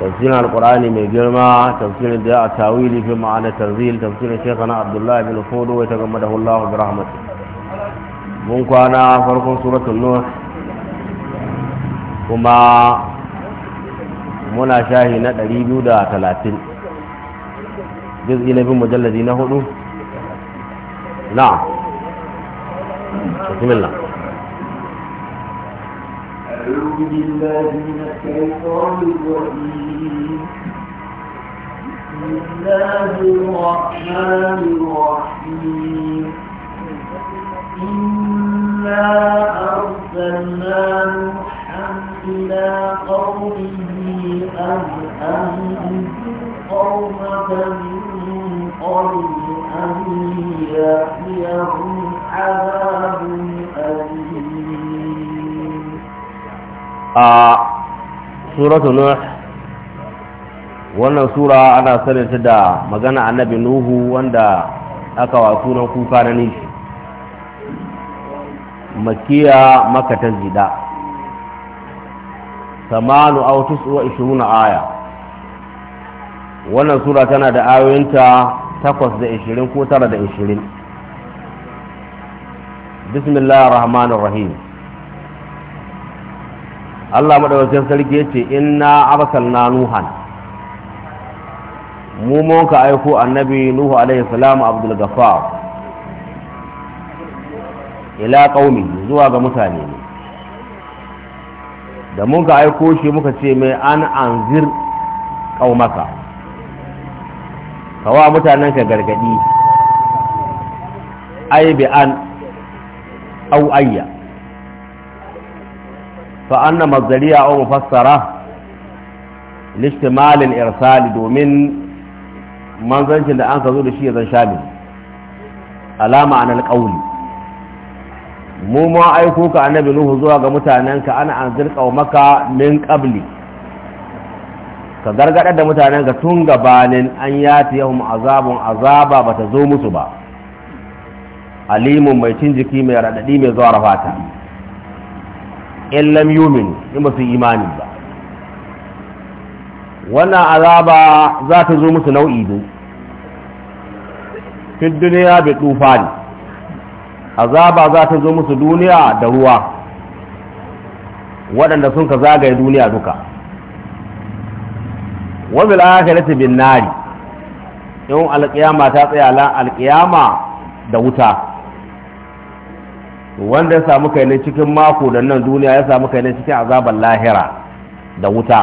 تفسير القرآن من جرمى تفسير الدعاء التاويل في معنى التنزيل تفسير شيخنا عبد الله بن فود ويتغمده الله برحمته منكو أنا فرق سورة النوح كما منا شاهنة ليبيو دا ثلاثين جزء نبي مجلدين هدو نعم بسم الله أعوذ بالله من الشيطان الرجيم بسم الله الرحمن الرحيم إنا أرسلنا نوحا إلى قومه أن أنذر قومك من قبل أن يأتيهم عذاب أليم a suratu nuh wannan sura ana sanin ta da magana annabi nuhu wanda aka wa sunan kuka na nishi makiya maka ta zida samanu aw wa ishruna aya wannan sura tana da ayoyinta takwas da ishirin ko tara da ishirin bismillahir rahmanir rahim Allah madawacin sarki ya ce inna arsalna nuhan mu mun ka aiko annabi nuhu alaihi salamu abdul ghaffar ila qaumi zuwa ga mutane ne da mun ka aiko shi muka ce mai an anzir kaumaka kawa mutanen ka gargadi ai bi an au ayya فأن مصدرية أو مفسرة لاشتمال الإرسال دومين منظر شد أنك ذو لشيء شامل ألا معنى القول mu ma aiko ka annabi nuhu zuwa ga mutanenka ana an zirka maka min qabli ka gargada da mutanenka tun gabanin an yati yahum azabun azaba bata zo musu ba alimun mai cin jiki mai radadi mai zuwa rafata in lam yumin in ba su imani ba wannan azaba za ta zo musu nau'i biyu fi duniya bi tufani azaba za ta zo musu duniya da ruwa waɗanda sun ka zagaye duniya duka wabil akhirati bin nari in alƙiyama ta tsaya la alƙiyama da wuta wanda ya samu kai ne cikin mako da nan duniya ya samu kai ne cikin azabar lahira da wuta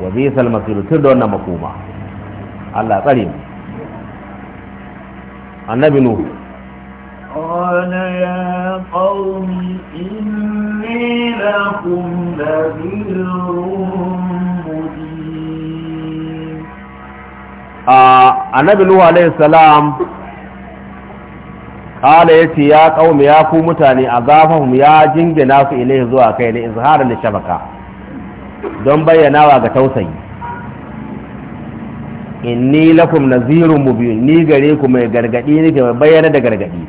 wa bi salma masirutun da wannan makoma Allah tsare mu annabi nuhu قال يا قوم إني لكم نذير مبين النبي نوح عليه السلام ya ce ya qaumi ya ku mutane a azafahum ya jingina su ilaihi zuwa kai ne izharan da shabaka don bayyanawa ga tausayi inni lakum nazirun mubin ni gare ku mai gargadi nake mai bayyana da gargadi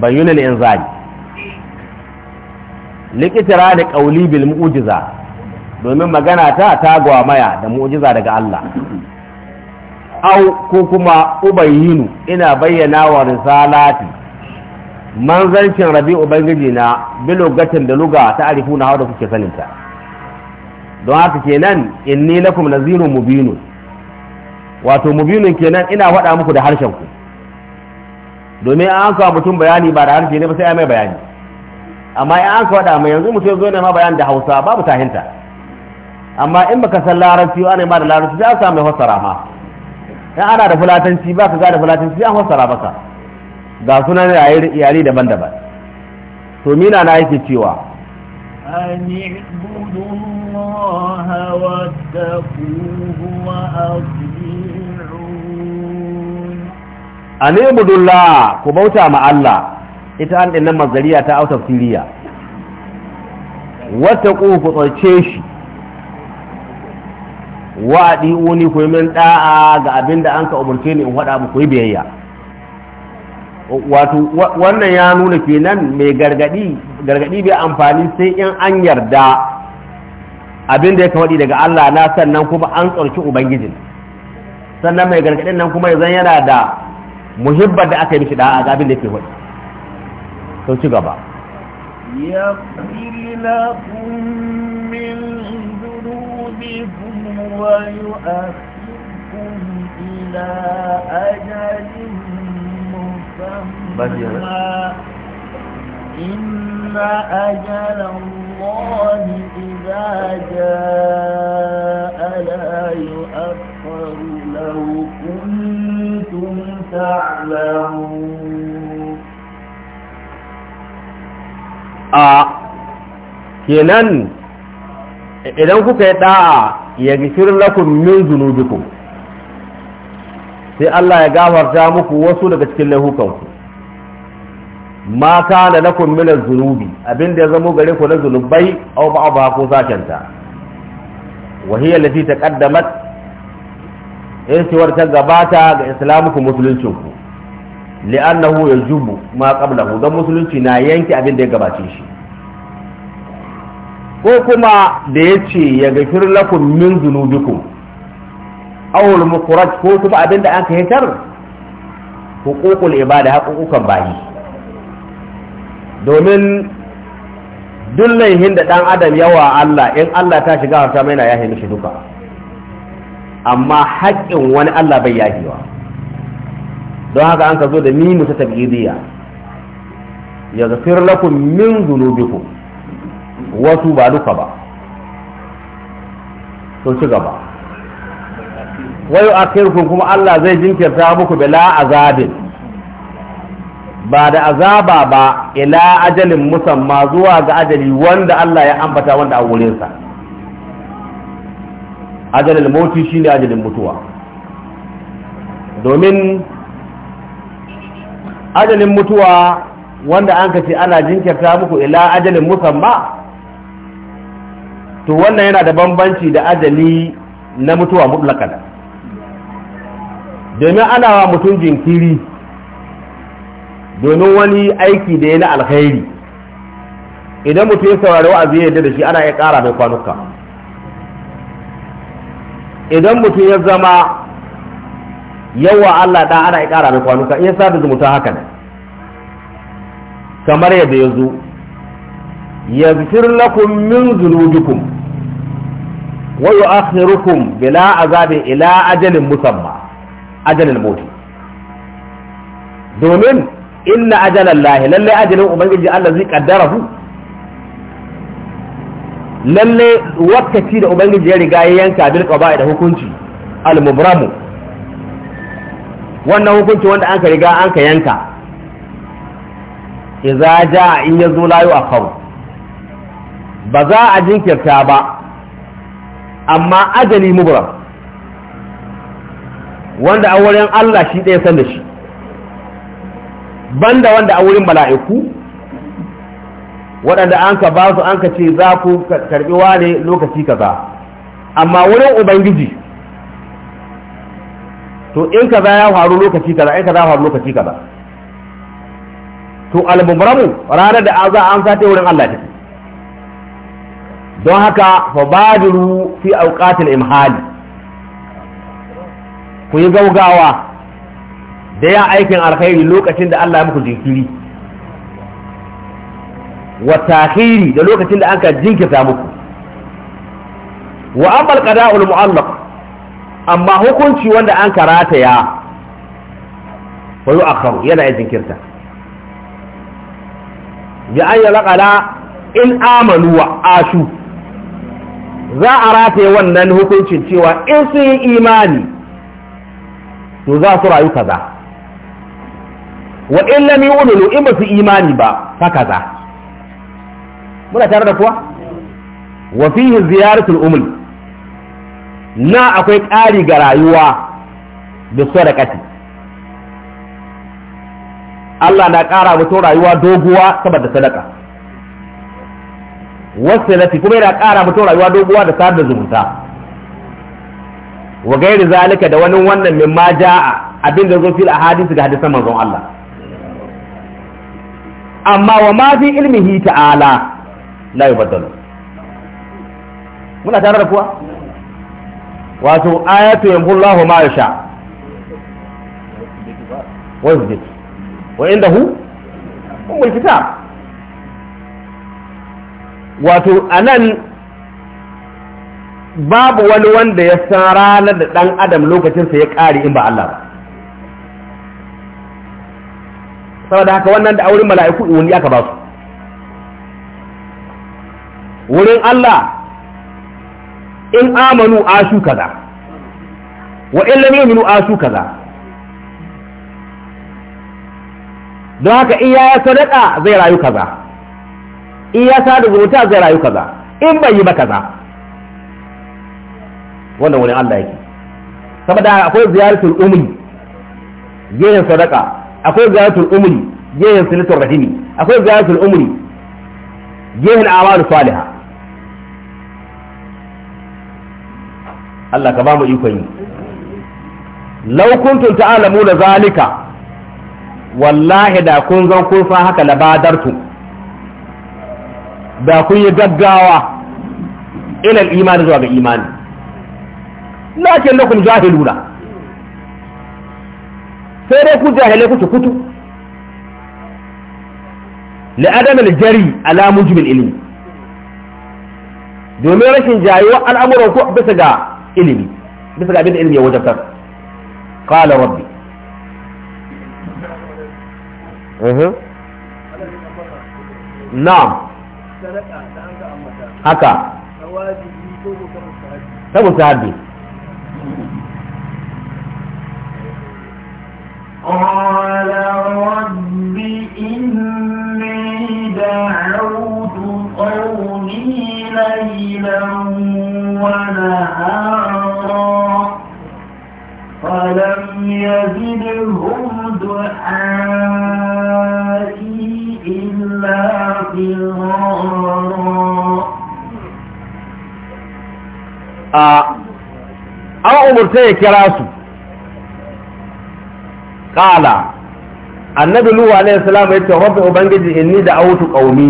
bayyana da inzali likitira da qauli bil mu'jiza domin magana ta ta gwamaya da mu'ujiza daga Allah au ko kuma ubayinu ina bayyana wa risalati manzancin rabi ubangiji na bilogatin da luga ta arifu na da kuke saninta don haka kenan inni lakum nazirun mubinun wato mubinun kenan ina faɗa muku da harshen ku domin an kawo mutum bayani ba da harshe ne ba sai ya mai bayani amma in an kawo mai yanzu mutum zo ne ma bayani da hausa babu tahinta amma in baka san larabci ana ma da larabci za a samu fassara ma Idan ana da fulatanci ba ka ga da fulatanci an fassara maka ga sunan iyali daban-daban to mina na yake cewa an ibudu wa taqu wa ani budullah ku bauta ma Allah ita an dinnan mazariya ta out of wata ku ku shi wa adiuni ku min da'a ga abinda an ka umurce ni in faɗa muku biyayya wato wannan ya nuna kenan mai gargadi gargadi bai amfani sai in an yarda abin da ya kawadi daga Allah na sannan kuma an tsarki ubangijin sannan mai gargadin nan kuma yanzu yana da muhibbar da aka yi mishi da'a ga abin da yake faɗi sau ci gaba يغفر لكم من ذنوبكم ويؤخركم إلى أجل مسمى إن أجل الله إذا kenan idan kuka yi ɗa'a. yaghfir lakum min dhunubikum sai Allah ya gafarta muku wasu daga cikin laifukanku ma kana lakum min adh-dhunubi abinda ya zamo gare ku na zunubai aw ba ko zakanta wa hiya allati taqaddamat istiwar ta gabata ga islamukum musuluncinku li'annahu yajubu ma qablahu dan musulunci na yanke abin da ya gabace shi ko kuma da ya ce ya gafir lakum min zunubikum awul mukuraj ko kuma abinda an ka hitar hukukul ibada hakukukan bayi domin duk laihin da dan adam yawa Allah in Allah ta shiga harta mai na yahi mishi duka amma haƙƙin wani Allah bai yahiwa don haka an ka zo da mimu ta tabi'idiyya ya zafir lakum min zunubikum wasu ba duka ba to ci gaba wayo akhirkum kuma Allah zai jinkirta muku bila azabin ba da azaba ba ila ajalin musamma zuwa ga ajali wanda Allah ya ambata wanda a wurinsa ajalin moti shine ajalin mutuwa domin ajalin mutuwa wanda an ce ana jinkirta muku ila ajalin musamma to wannan yana da bambanci da ajali na mutuwa mutlakan domin ana wa mutum jinkiri domin wani aiki da ya na alkhairi idan mutum ya saurari wa'azi ya yadda da shi ana iya ƙara mai kwanuka idan mutum ya zama yawa Allah da ana iya ƙara mai kwanuka in ya sa da zumuta haka ne kamar yadda ya zo yaghfir lakum min dhunubikum wa yu'akhirukum bila azabin ila ajalin musamma ajalin mauti domin inna ajalan lahi lalle ajalin ubangiji Allah zai kaddara hu lalle wakati da ubangiji ya riga ya yanka bil qada'i da hukunci al mubramu wannan hukunci wanda an ka riga an ka yanka ba za a jinkirta ba amma ajali mubra wanda a wurin Allah shi ɗaya san da shi banda wanda a wurin mala'iku waɗanda an ka ba su an ka ce za ku karɓi wane lokaci kaza amma wurin ubangiji to in kaza ya faru lokaci kaza in kaza ya faru lokaci kaza to al-mubramu ranar da za a an ta wurin Allah take don haka fa fi auqatil imhali ku yi gaugawa da yin aikin alkhairi lokacin da Allah ya muku jinkiri wa takhiri da lokacin da anka jinkirta muku wa amal qada'ul mu'allaq amma hukunci wanda an karata ya fa yana yin jinkirta ya an yalqala in amanu wa ashu za a rataye wannan hukuncin cewa in sun yi imani to za su rayu kaza wa in lam yu'minu in ba su imani ba fa kaza muna tare da kuwa wa fihi ziyaratul umul na akwai ƙari ga rayuwa da sadaqati Allah na ƙara mutum rayuwa doguwa saboda sadaka wasilati kuma yana ƙara mutum rayuwa doguwa da sadar zumunta wa gairi zalika da wani wannan min ma ja'a abin da zo fil ahadisi ga hadisan manzon Allah amma wa ma fi ilmihi ta'ala la yubaddalu muna tare da kuwa wato ayatu lahu ma yasha wa yuzdik wa indahu umul kitab wato anan babu wani wanda ya san ranar da ɗan adam lokacinsa ya ƙare in ba Allah ba saboda haka wannan da auren mala'iku wani aka ba su wurin Allah in amanu asu kaza wa in lam yu'minu asu kaza don haka in ya sadaka zai rayu kaza in ya da zumunta zai rayu kaza in bai yi ba kaza wannan wani Allah yake saboda akwai ziyaratul umri yayin sadaka akwai ziyaratul umri yayin silatul rahimi akwai ziyaratul umri yayin a'malu salihah Allah ka ba mu ikon yi law kuntum ta'lamuna zalika wallahi da kun zan kun san haka labadartu da kun yi gaggawa ilal imani zuwa ga imani lakin lakum jahiluna sai dai ku jahilai kuke kutu لعدم الجري على موجب العلم domin rashin jayuwa al'amuran ku bisa ga ilimi bisa ga abin ilimi ya wajabtar qala rabbi na'am haka saboda haddi sai ya kira su ƙala annabi luwa alaihi salamu ya ce rabbi ubangiji inni da autu ƙaumi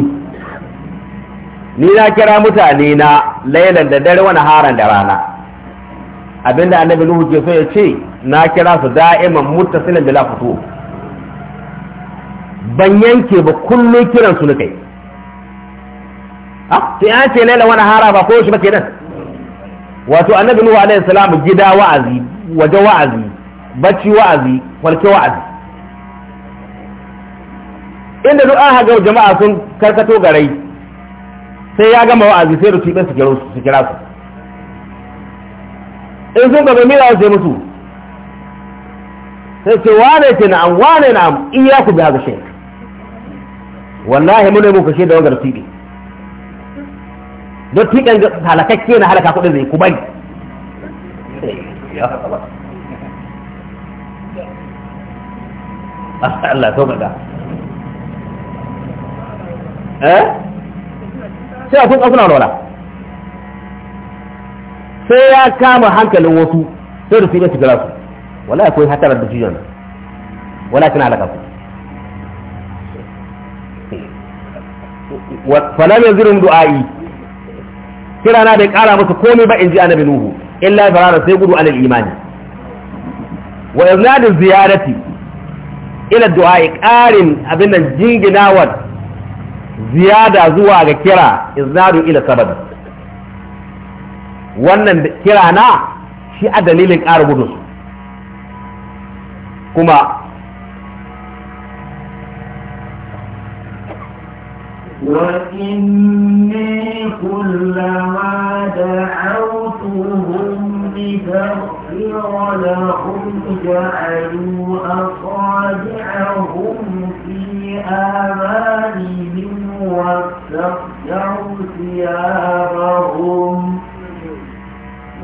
ni na kira mutane na lailan da dare wani haran da rana abinda annabi Nuhu ke so ya ce na kira su da'iman sinan bila fito ban yanke ba kullum kiran su na kai ha ah, ce an ce lailan wani hara ba ko shi ba kenan wato annabi nuhu alaihi salam gida wa'azi waje wa'azi bacci wa'azi kwalke wa'azi inda duk an haga jama'a sun karkato garai sai ya gama wa'azi sai rufi ɗin su kira su in sun gaba mira sai musu sai ce wane ce na'am wane na'am iya ku bi haka shek wallahi mu ne muka shaida wa garfi don tikan halakakke na halaka kudin zai ku bari Allah so kaga eh sai kun kasu na sai ya kama hankalin wasu sai da su yi su wala akwai hatarar da shi wala kina halaka ku فلم يزرهم دعائي Kirana na bai kara masa komai ba in ji annabi nuhu illa farara sai gudu alal imani wa iznadu ziyarati ila du'a qarin abin nan jinginawa ziyada zuwa ga kira iznadu ila sabab wannan kira na shi a dalilin ƙara gudu kuma وإني كلما دعوتهم لتغفر لهم جعلوا أصابعهم في آمانهم واستغشوا ثيابهم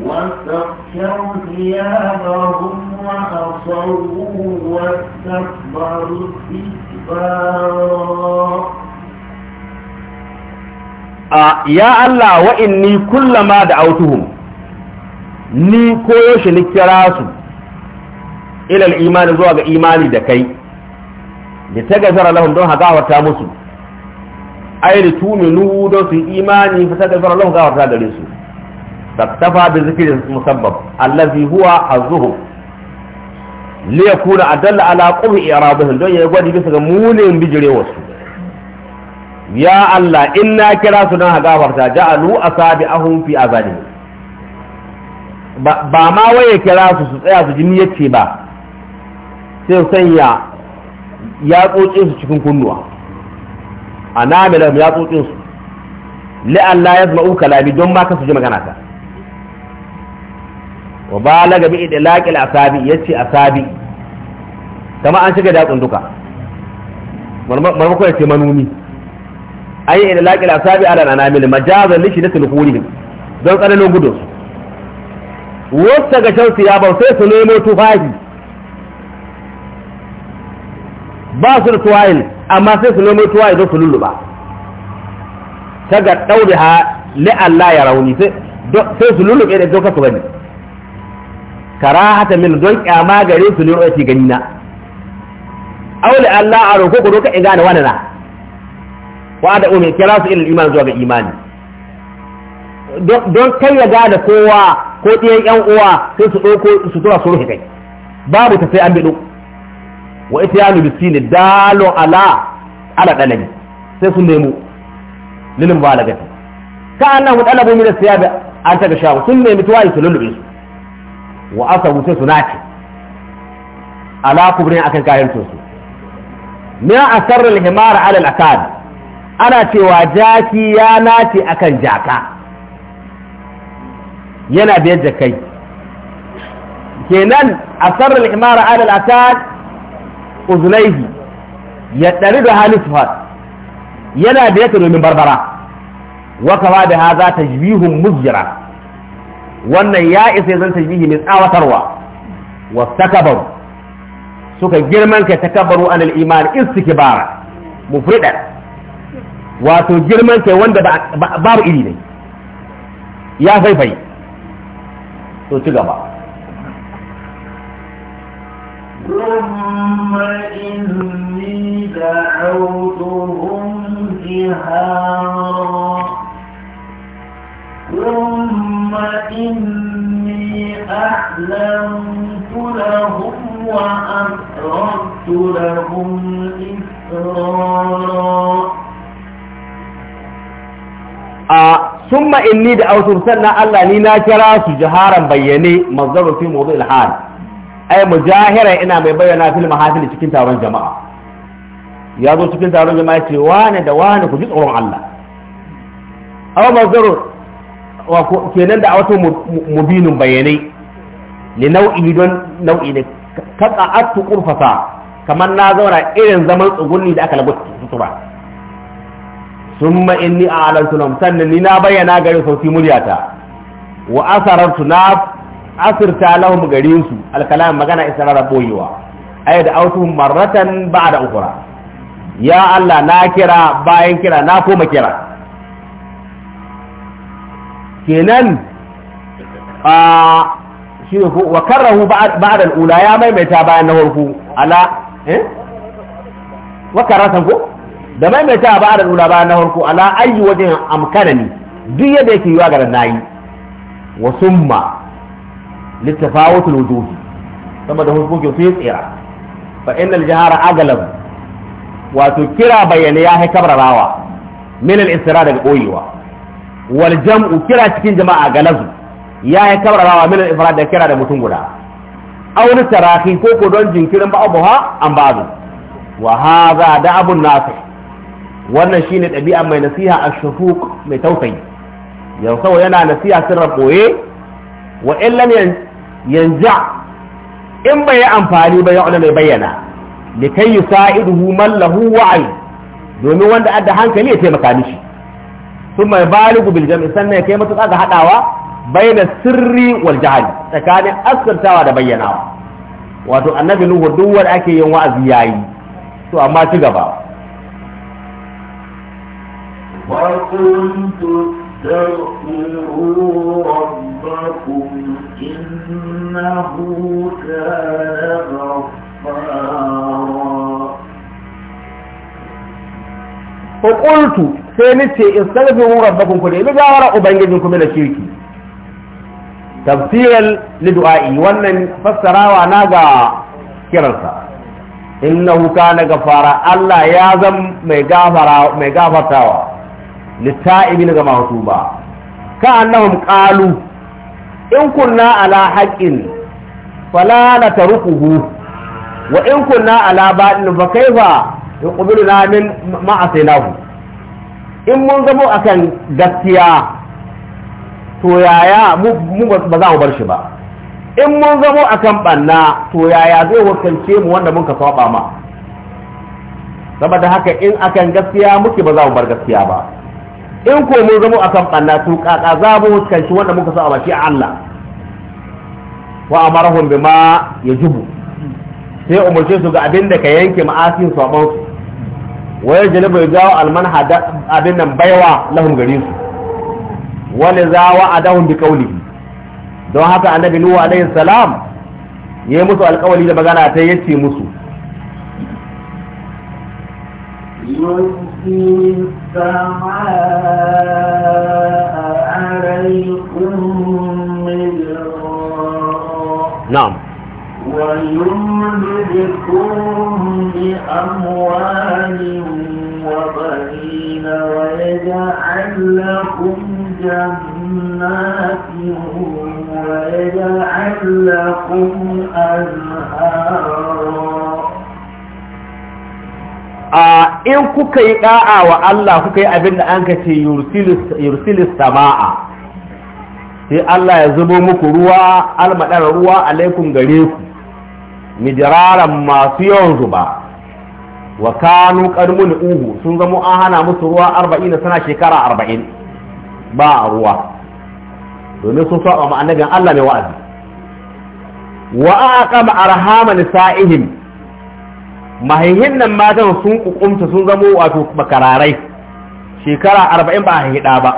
واستغشوا ثيابهم وأصروا واستكبروا استكبارا ya Allah wa ni kullama da autuhum ni koyo shi ni kira su ilal imani zuwa ga imani da kai da ta gazara don hagawarta musu ai da tuminu don su imani fa ta gazara lahum gawarta gare su taktafa bi zikri musabbab allazi huwa azhum li kuna adalla ala qub'i iradihim don ya gwadi bisa ga munin bijirewarsu ya Allah in na kira su don hagafarta ja'alu asabi ahun fi azani ba ma waye kira su su tsaya su ji niyyar ba sai sanya ya su cikin kunnuwa a namilar ya tsotse su la'alla ya zama uka labi don ma su ji magana ta wa ba laga bi idlaqil asabi yace asabi kama an shiga da tsunduka marmako ya ce manuni ayi ila laqila sabi ala anamil majazan liki da tulhuri don tsananin gudu. wasu ga ya siyaban sai su nemo tufafi ba su da tuwayin amma sai su nemo tuwaye don su lulluba ta ga ɗaure ha Allah ya rauni sai su lullube da doka su gani karahata min don kyama gare su lura ci gani na aule Allah a roko ku doka in gane wani na wa da umin kira su ilil iman zuwa ga imani don kai ya gada kowa ko ɗiyan ƴan uwa sai su ɗauko su tura su rufe kai babu ta sai an biɗo wa ita ya nubi sini dalon ala ala ɗalami sai su nemo lilin lagata ka an nahu ɗalabu mina siya da an taga shawo sun nemi tuwayi su lullube su wa asabu sai su nace ala kubrin akan kayan sosai min a al-himara ala al-akad ana cewa jaki ya nace akan jaka yana biyar jakai kenan a sarar al'imara adal a uzunaihi ya ɗari da halin sufat yana biyar ta domin barbara waka ba da haza ta jibihun muzjira wannan ya isa zan ta jibihi mai tsawatarwa wasu takabaru suka girman ka takabaru an al'imani istikibara mufridar wato girman kai wanda babu iri ne ya faifai to ci gaba ثم إني دعوتهم جهارا ثم إني أعلمت لهم وأسررت لهم إسرارا a summa inni da autum sannan Allah ni na kira su jiharan bayyane mazdaru fi mawdu'il hal ai mujahira ina mai bayyana fil mahafil cikin taron jama'a ya zo cikin taron jama'a ce wane da wane ku ji tsoron Allah aw mazdaru wa kenan da autum mubinun bayyane ni nau'i don nau'i ne kaqa'atu qurfata kamar na zauna irin zaman tsugunni da aka lagu sutura summa inni a lam sannan ni na bayyana gare su fi muryata wa asarantu asirta lahum gare su alkalam magana isarar boyewa ayi da autu maratan ba'da ukra ya allah na kira bayan kira na koma kira kenan a shi ko wa karahu ya mai bayan na ala eh wa ko da maimaita ba da nuna bayan na farko ala ayi wajen amkanani duk yadda yake yiwa ga nayi wa summa littafawutul wujuhi saboda hukuncin su yi tsira fa innal jahara aghlab wato kira bayyana ya hai kabrarawa min al istira daga koyewa wal jam'u kira cikin jama'a galazu ya hai kabrarawa min al ifrad da kira da mutum guda aw tarahi ko ko don jinkirin ba'abuha an ba'du wa hadha da'abun nafi wannan shine ɗabi'a mai nasiha a shufuq mai tausayi yau yana nasiha sirra ɓoye wa illan yanja in bai yi amfani ba ya'una mai bayyana li kai yusa'iduhu man Mallahu, wa'i domin wanda adda hankali ya taimaka mishi sun mai baligu bil jam'i sannan ya kai matuƙa ga haɗawa bayyana sirri wal tsakanin asirtawa da bayyanawa wato annabi nuhu duk wanda ake yin wa'azi yayi to amma ci gaba وقلت استغفروا ربكم إنه كان غفارا فقلت سينتي استغفروا ربكم كل إذا جاورا أبنجدكم من الشرك تفسيرا لدعائي وانا فسرا وانا كرسا إنه كان غفارا الله ya zam mai litta'ibin ga masu ba ka annahum qalu in kunna ala haqqin fala natrukuhu wa in kunna ala batil fa kaifa yuqbiluna min ma'asinahu in mun zabo akan gaskiya to yaya mu ba za mu bar shi ba in mun zabo akan banna to yaya zai wakance mu wanda mun ka saba ma saboda haka in akan gaskiya muke ba za mu bar gaskiya ba in ko mun zama akan banna to kaka za mu huskanci wanda muka sa a baki a Allah wa amarahum bima yajibu sai umarce su ga abin da ka yanke ma'asin su a su waya jalibu ya jawo almanha abin nan baiwa lahum gari su wani za wa adahun bi kauli don haka annabi nuhu alayhi salam yayi musu alƙawari da magana ta yace musu يسقي السماء عليكم مدرارا نعم ويمددكم بأموال وبنين ويجعل لكم جنات ويجعل لكم أنهارا a in kuka yi da'a wa Allah kuka yi abin da an ka ce yursilis sama'a sai Allah ya zubo muku ruwa almadar ruwa alaikum gare ku mijiraran masu yawan zuba wa kanu karmuni uhu sun zamo an hana musu ruwa arba'in da sana shekara arba'in ba a ruwa domin sun saba ma annabin Allah mai wa'azi wa aqama arhama nisa'ihim mahaihin nan matan sun kukumta sun zamo wato bakararai shekara arba'in ba a hida ba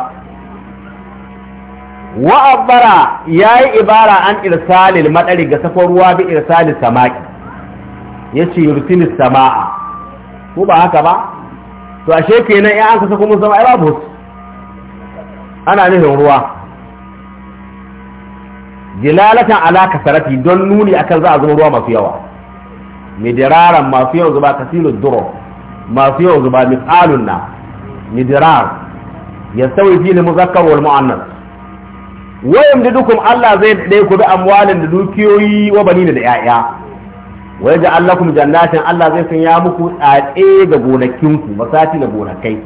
wa'abbara ya yi ibara an irsalil maɗari ga safar ruwa bi irsalil samaki ya ce yurtilis sama'a ko ba haka ba to ashe kenan ya an kasa kuma zama ya babu ana nufin ruwa jilalatan alaka sarafi don nuni akan za a zama ruwa masu yawa midiraran masu yau zuba kasilun duro masu yau zuba misalun na midirar ya sauyi fili muzakkar wal mu'annas wayan da dukum Allah zai dai ku bi amwalin da dukiyoyi wa bani da yaya wa yaj'al lakum jannatin Allah zai sanya muku tsatse ga ku masati da gonakai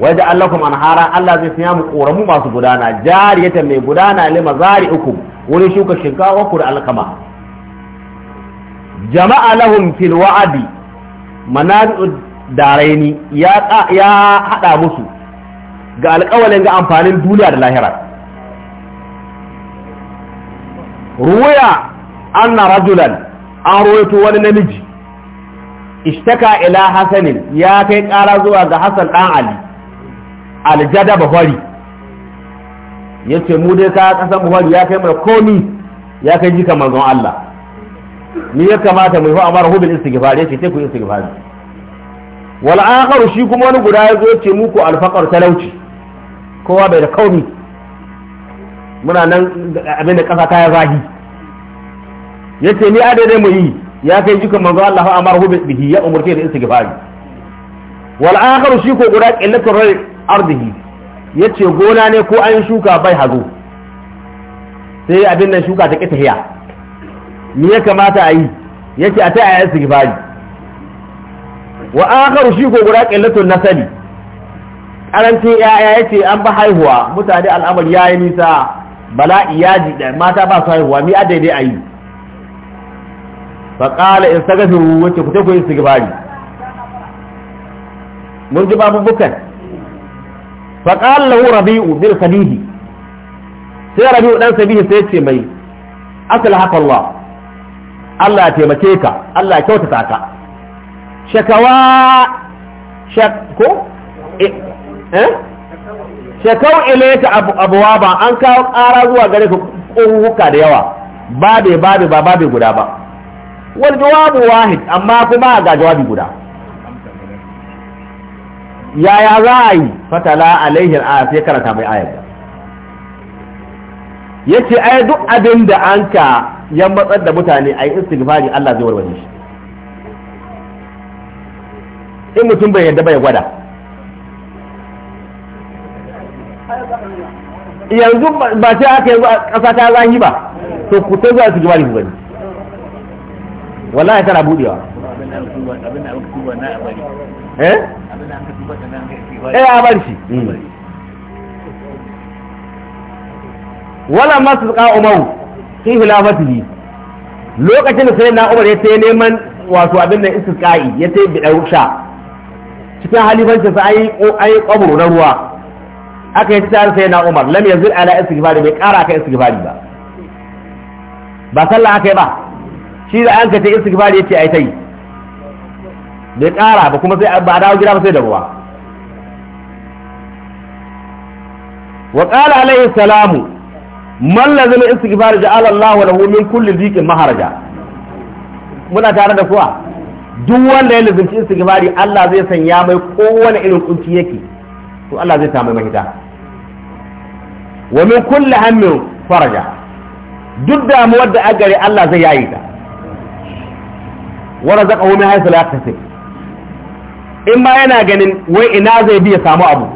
wa yaj'al lakum anhara Allah zai sanya muku koramu masu gudana jariyatan mai gudana lima zari'ukum wurin shuka shinkawa ku da alkama jama'a lahum fil wa'adi manabi'u daraini ya ya hada musu ga alƙawalin ga amfanin duniya da lahira ruya anna rajulan an ruwaito wani namiji ishtaka ila hasanin ya kai ƙara zuwa ga hasan ɗan ali aljada bahari ya ce mu dai ka ƙasar bahari ya kai mai komi ya kai jika manzon Allah ni ya kamata mu yi amara hu bil istighfar yace sai ku istighfar wal akhar shi kuma wani guda ya zo ce muku alfaqar talauci kowa bai da kauni muna nan abinda kasa ta ya zahi yace ni dai mu yi ya kai jikan manzo Allah fa amara hu bihi ya umurke da istighfar wal akhar shi ko guda rai ardihi yace gona ne ko an shuka bai hazo sai abin nan shuka ta kitahiya me ya kamata a yi yake a ta a yi istighfari wa akharu shi ko guda qillatun nasali karanci yaya yace an ba haihuwa mutane al'amari yayi nisa bala iyaji da mata ba su haihuwa mi adai dai ayi fa qala istaghfiru wace ku ta su istighfari mun ji babu bukan fa qala lahu rabi'u bil khadidi sai rabi'u dan sabihi sai ce mai aslahaka Allah Allah ya taimake ka Allah ya kyautata ka shakawa ko eh, eh? shakau ilaika abuwa ba an kawo ƙara zuwa gare ka ƙurruka da yawa babe babe ba babe guda ba wal jawabu wahid amma kuma ga jawabi guda yaya za a yi fatala alaihi a sai karanta mai ayar yace ai duk abin da an ka ya matsar da mutane a yi istighfari Allah zai warware shi in mutum bai yarda bai gwada yanzu ba sai aka yi ƙasa ta zahi ba to ku ta zuwa istighfari ku gani wallahi tana budewa eh eh a bar shi hmm. wala masu tsaka umaru fi hilafatihi lokacin da sai na umar ya ta neman wato abin da ka'i ya ta bi sha cikin halifancin sa ayi ayi na ruwa aka yi tsari sai na umar lam yanzu ala istighfari bai kara aka istighfari ba ba sallah aka yi ba shi da an ka ta istighfari yace ai tai bai kara ba kuma sai ba dawo gida ba sai da ruwa wa qala alaihi salamu man lazim istighfar ja'ala Allahu lahu min kulli dhikin maharaja muna tare da kuwa duk wanda ya lazimci istighfari Allah zai sanya mai kowane irin kunci yake to Allah zai mai mahita wa min kulli hammin faraja duk damuwar da agare Allah zai yayi ta wa razaqahu min haythu la yahtasib in ma yana ganin wai ina zai bi ya samu abu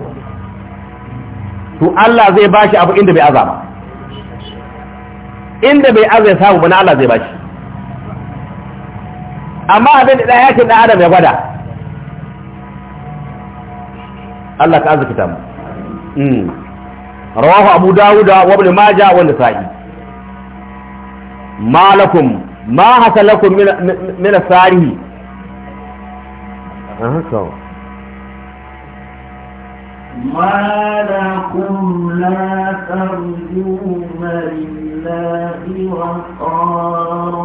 to Allah zai bashi abu inda bai azaba inda bai azai samu ba na Allah zai bashi amma abin da ya ce da adam ya gwada Allah ka azurkita mu hmm. rawahu abu Dawud wa ibn majah wa nisa'i ma ma hasalakum min min asarihi ما لكم لا ترجون لله وقارا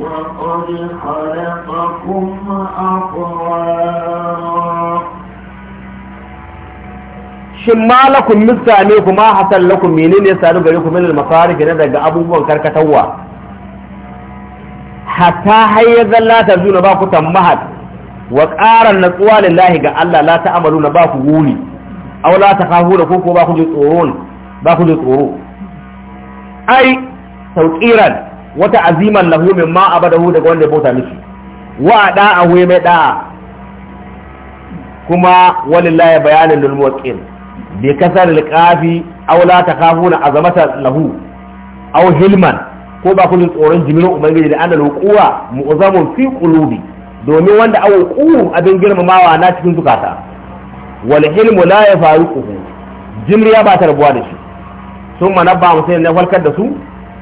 وقد خلقكم أطوارا shin ma lakum mista ne kuma hasan lakum menene ya sadu gare ku min al ne daga abubuwan karkatawa hatta hayya zalla ta zuna ba ku tammahat wa ƙaran natsuwa lillahi ga Allah la ta'amalu na ba ku wuni aw la takhafuna ko koko ba ku ji tsoro ba ku ji tsoro ai tauqiran wata aziman lahu min ma abadahu daga wanda ya bauta miki wa da'a hu mai da, kuma walillahi bayanin lil muwaqqin bi kasar al qafi aw la na azamata lahu aw hilman ko ba ku ji tsoron jimirin ubangiji da annal hukuwa mu'zamun fi qulubi domin wanda awon ƙuhun abin girmamawa na cikin zukata wal ilmu la ya faru ƙuhu jimriya ba ta rabuwa da shi sun manabba musayin na farkar da su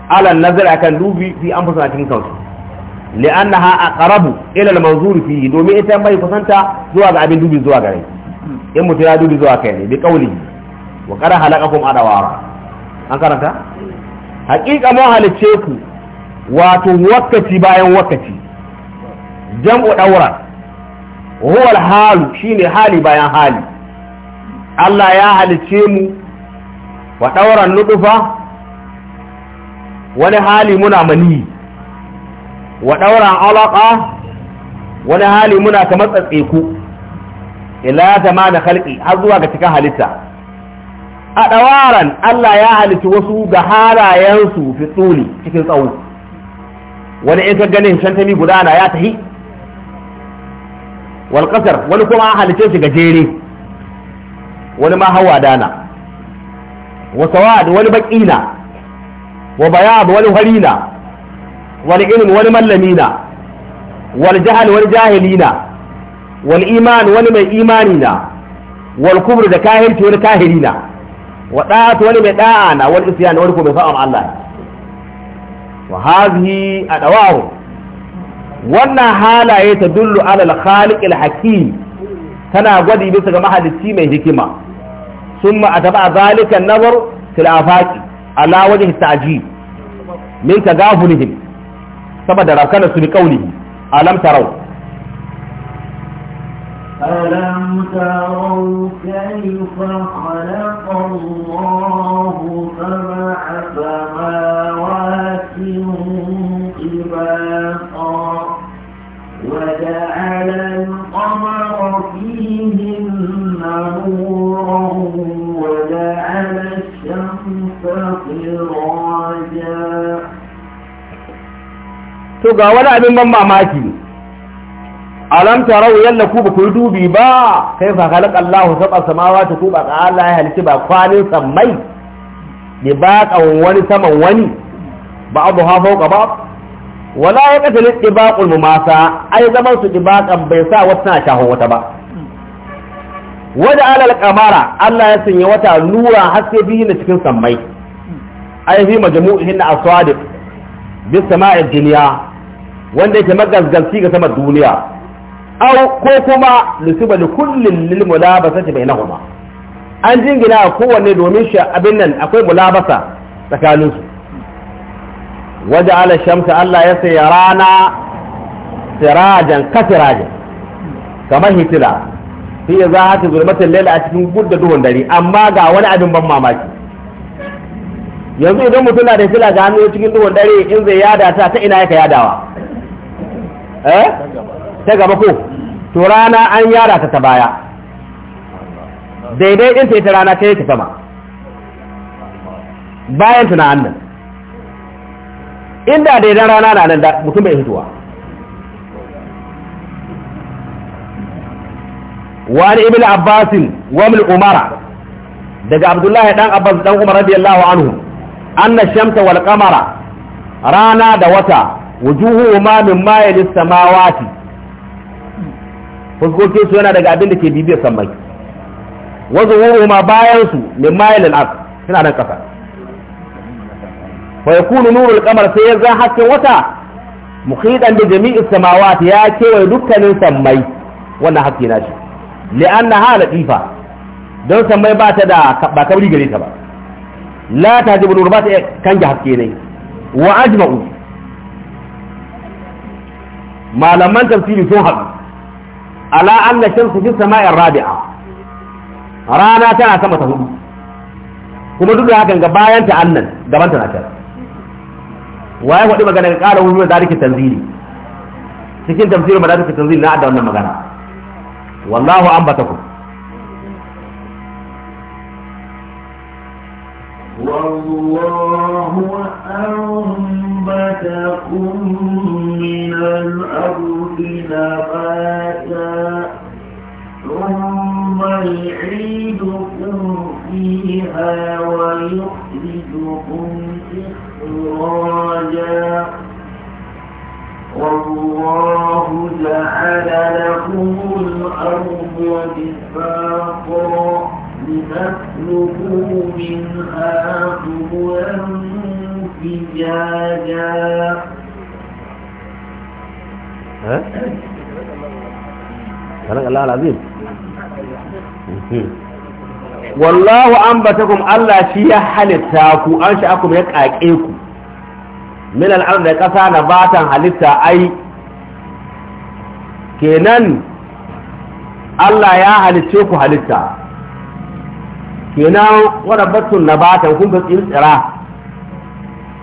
alal nazar a kan dubi fi an fusa cikin kansu li'annaha aqrabu ila al-manzur fi domin ita mai kusanta zuwa ga abin dubi zuwa gare in mutum ya dubi zuwa kai ne bi kauli wa qara halaqakum adawara an karanta Hakika mu halicce ku wato wakati bayan wakati jam'u daura huwa al-halu shine hali bayan hali Allah ya halice mu wa dauran nudufa wani hali muna mani wa dauran alaqa wani hali muna matsatse ku, ila zama da khalqi har zuwa ga cikin halitta a dawaran Allah ya halici wasu ga halayensu fi tsuli cikin tsawo wani in ka ganin shantami gudana ya tahi wal qasar wani kuma an halice shi gajere wani ma hawa dana wa sawad wani baqina wa bayad wani harina wal ilm wani mallamina wal jahl wani jahilina wal iman wani mai imanina da kahirci wani kahirina wa da'atu wani mai da'ana wal isyan wani Allah wannan halaye ta dullu alal khaliqil hakim tana gwadi bisa ga mahalicci mai hikima summa ataba zalika nazar fil afaqi ala wajhi ta'jib min tagafulihim saboda rakana su bi qawlihi alam taraw ألم تروا كيف خلق الله سبع سماوات طباقا ga wani abin ban mamaki alam tarau yalla ku ba ku dubi ba kai fa khalaqa Allahu sab'a ta ku ba Allah ya halitta ba kwanin samai ne ba kawon wani saman wani ba abu ha fauka ba wala ya kasali ɗibaƙul mu masa ai zaman su ɗibaƙan bai sa wata na shahon wata ba wadda alal kamara Allah ya sanya wata nura haske biyu na cikin sammai ai fi majmu'ihin na aswadiq bis sama'id dunya wanda yake magazgalci ga sama duniya aw ko kuma lusiba li kullin lil mulabasati bainahuma an jingina kowanne domin shi abin nan akwai mulabasa tsakaninsu waje ala shamsa Allah ya sai rana sirajan ka sirajan kamar hitila fi za a ta zulmatin laila a cikin gudda duhun dare amma ga wani abin ban mamaki yanzu idan mutum na da hitila ga hannu cikin duhun dare in zai yada ta ta ina yaka yadawa eh ta gaba ko to rana an yada ta ta baya daidai in ta rana ta yi ta sama bayan tunanin inda da idan rana na nan da mutum bai hituwa wani ibn abbasin wani umara daga abdullahi dan abbas dan umar radiyallahu anhu anna shamta wal qamara rana da wata ma min ma'ilis samawati fuskoki su yana daga abin da ke bibiyar sammai wa zuhuruhuma bayan su min ma'ilil ard suna nan kasa ويكون نور القمر سيزا حتى وطا مخيطا بجميع السماوات يا كيوي دكا نسمي وانا حقي ناشي لأن هذا لطيفة دون سمي باتا دا باكبري قريتا با لا تهجب نور باتا إيه، كنجا حقي ني وعجمعو ما لما انتم في سوحب على أن الشمس في السماء الرابعة رانا تانا سمتهم كما تقول هكذا بايانت عنا دبانتنا كذا waye wadi magana ga ƙara wuri da rike tanzili cikin tafsirin madarikul tanzili na da wannan magana wallahu ambatakum والله أنبتكم من الأرض نباتا ثم يعيدكم فيها ويخرجكم والله جعل لكم الأرض بساقا لتسلكوا منها سبلا فجاجا صدق الله العظيم wallahu an batakum Allah shi ya halitta ku min al'ar da ƙasa na batan halitta ai kenan Allah ya halicce ku halitta kenan batun na batan kun tsiri tsira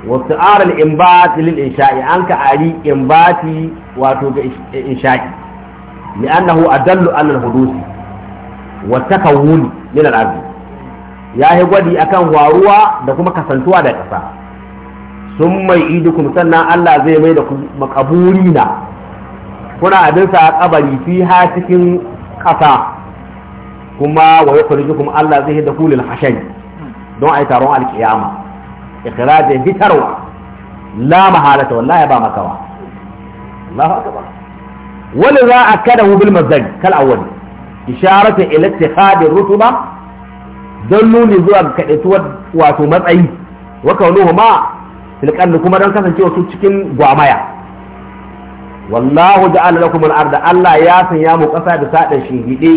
wasu aral imbati lil insha'i an ka ari imbati wato ga insha'i li'annahu adallu an al-hudusi wa takawuni min al-ardi ya yi gwadi akan waruwa da kuma kasantuwa da ƙasa sun mai idukum sannan Allah zai mai da makaburi na kuna abin sa a kabari fi ha cikin kasa kuma wa kuma Allah zai da kulil hashay don a yi taron alkiyama ikhrajin fitarwa la mahalata wallahi ba makawa Allahu akbar wala za akadahu bil mazaj kal awwal isharatu ila ittikhadi rutuba don nuni zuwa kaɗaituwar wato matsayi wa kaunuhu ma filƙarni kuma don kasancewa su cikin gwamaya wallahu ja'ala lakum al-arda Allah ya sanya mu ƙasa da sadan shinhide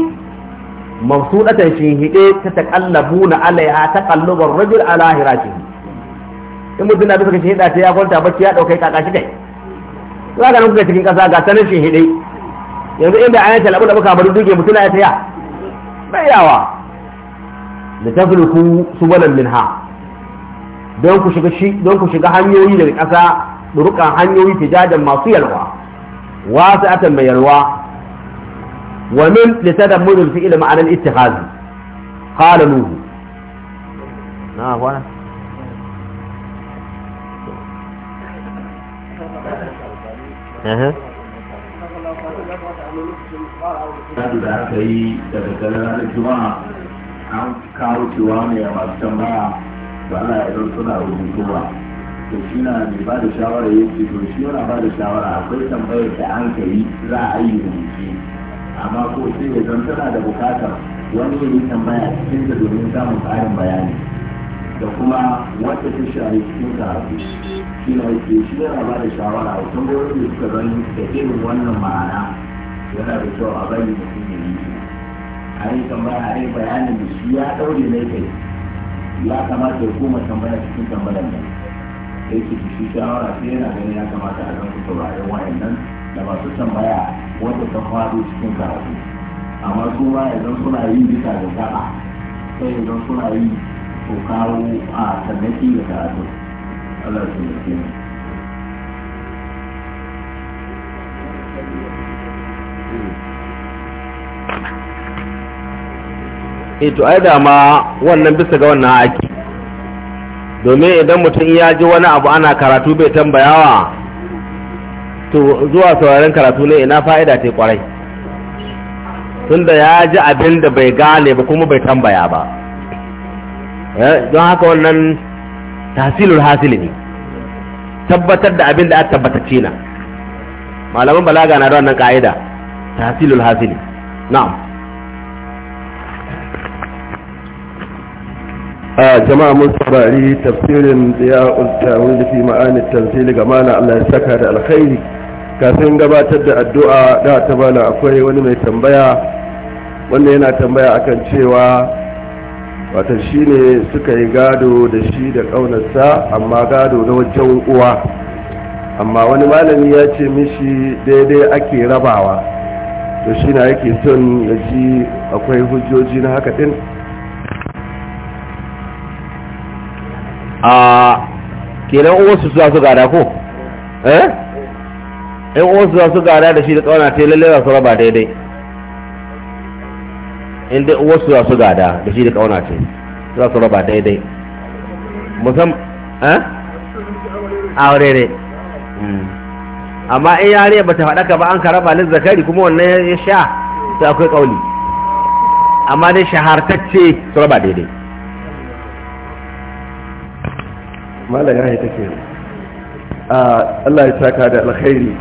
mabsudatan shinhide ta taqallabuna alaiha taqallubar rajul ala hiratihi in mutum na bisa shinhida ta ya kwanta bacci ya daukai kaka shi kai za ka nuka cikin ƙasa ga sanin shinhide yanzu inda ayan talabu da muka bari duke mutum na ya taya bayawa da tafluku subalan minha don ku shiga shi don ku shiga hanyoyi daga ƙasa durukan hanyoyi tijadan masu yalwa wasu atan mai yalwa wa min litadammur al-fi'l ma'ana al-ittikhaz qala nuh na wana eh da aka yi daga garin juma'a an kawo cewa ne a masu tambaya to ana idan suna rubutuwa to shi na mai ba da shawara ya ce to shi yana ba da shawara akwai tambayar da an ka yi za a yi rubuci amma ko sai ya zan tana da bukatar wani yi tambaya cikin da domin samun ƙarin bayani da kuma wata ta shari cikin karatu shi na yake shi yana ba da shawara a tambayoyin da suka zan da irin wannan ma'ana yana da kyau a bayyana mutum ya yi an yi tambaya a bayanin da shi ya ɗaure na kai ya kamata ya koma tambaya cikin tambayar nan da yake shi shawara sai yana ganin ya kamata a zanku wayan wayannan da masu tambaya wanda ta faɗo cikin karatu amma su ma yanzu suna yi bisa da sa'a sai yanzu suna yi ko kawo a tannaki da karatu Allah su da ke Thank you. e to ai da ma wannan bisa ga wannan aiki domin idan mutum ya ji wani abu ana karatu bai tambayawa to zuwa sauraren karatu ne ina fa'ida ta kwarai tunda ya ji abin da bai gane ba kuma bai tambaya ba eh, don haka wannan tasirin hasili ne tabbatar da abin da aka tabbatace na malaman balaga na da wannan ka'ida tasirin hasili na'am a jama'a mun saurari tafsirin ziya'ul tawil fi ma'ani tanzil ga mana Allah ya saka da alkhairi kafin gabatar da addu'a da ta bala akwai wani mai tambaya wanda yana tambaya akan cewa wata shine suka yi gado da shi da kaunarsa amma gado na wajen uwa amma wani malami ya ce mishi daidai ake rabawa to shi yake son ya ji akwai hujjoji na haka din a kenan uwarsu su su gada ko eh in uwarsu za su gada da shi da tsawana ta lalle za su raba daidai in dai uwarsu za su gada da shi da tsawana ta za su raba daidai musam eh aure ne hmm. amma in yare ba ta faɗaka ba an ka raba lin zakari kuma wannan ya sha sai akwai kauli amma dai shahartacce su raba daidai malam ya haita a ah, Allah ya saka da alkhairi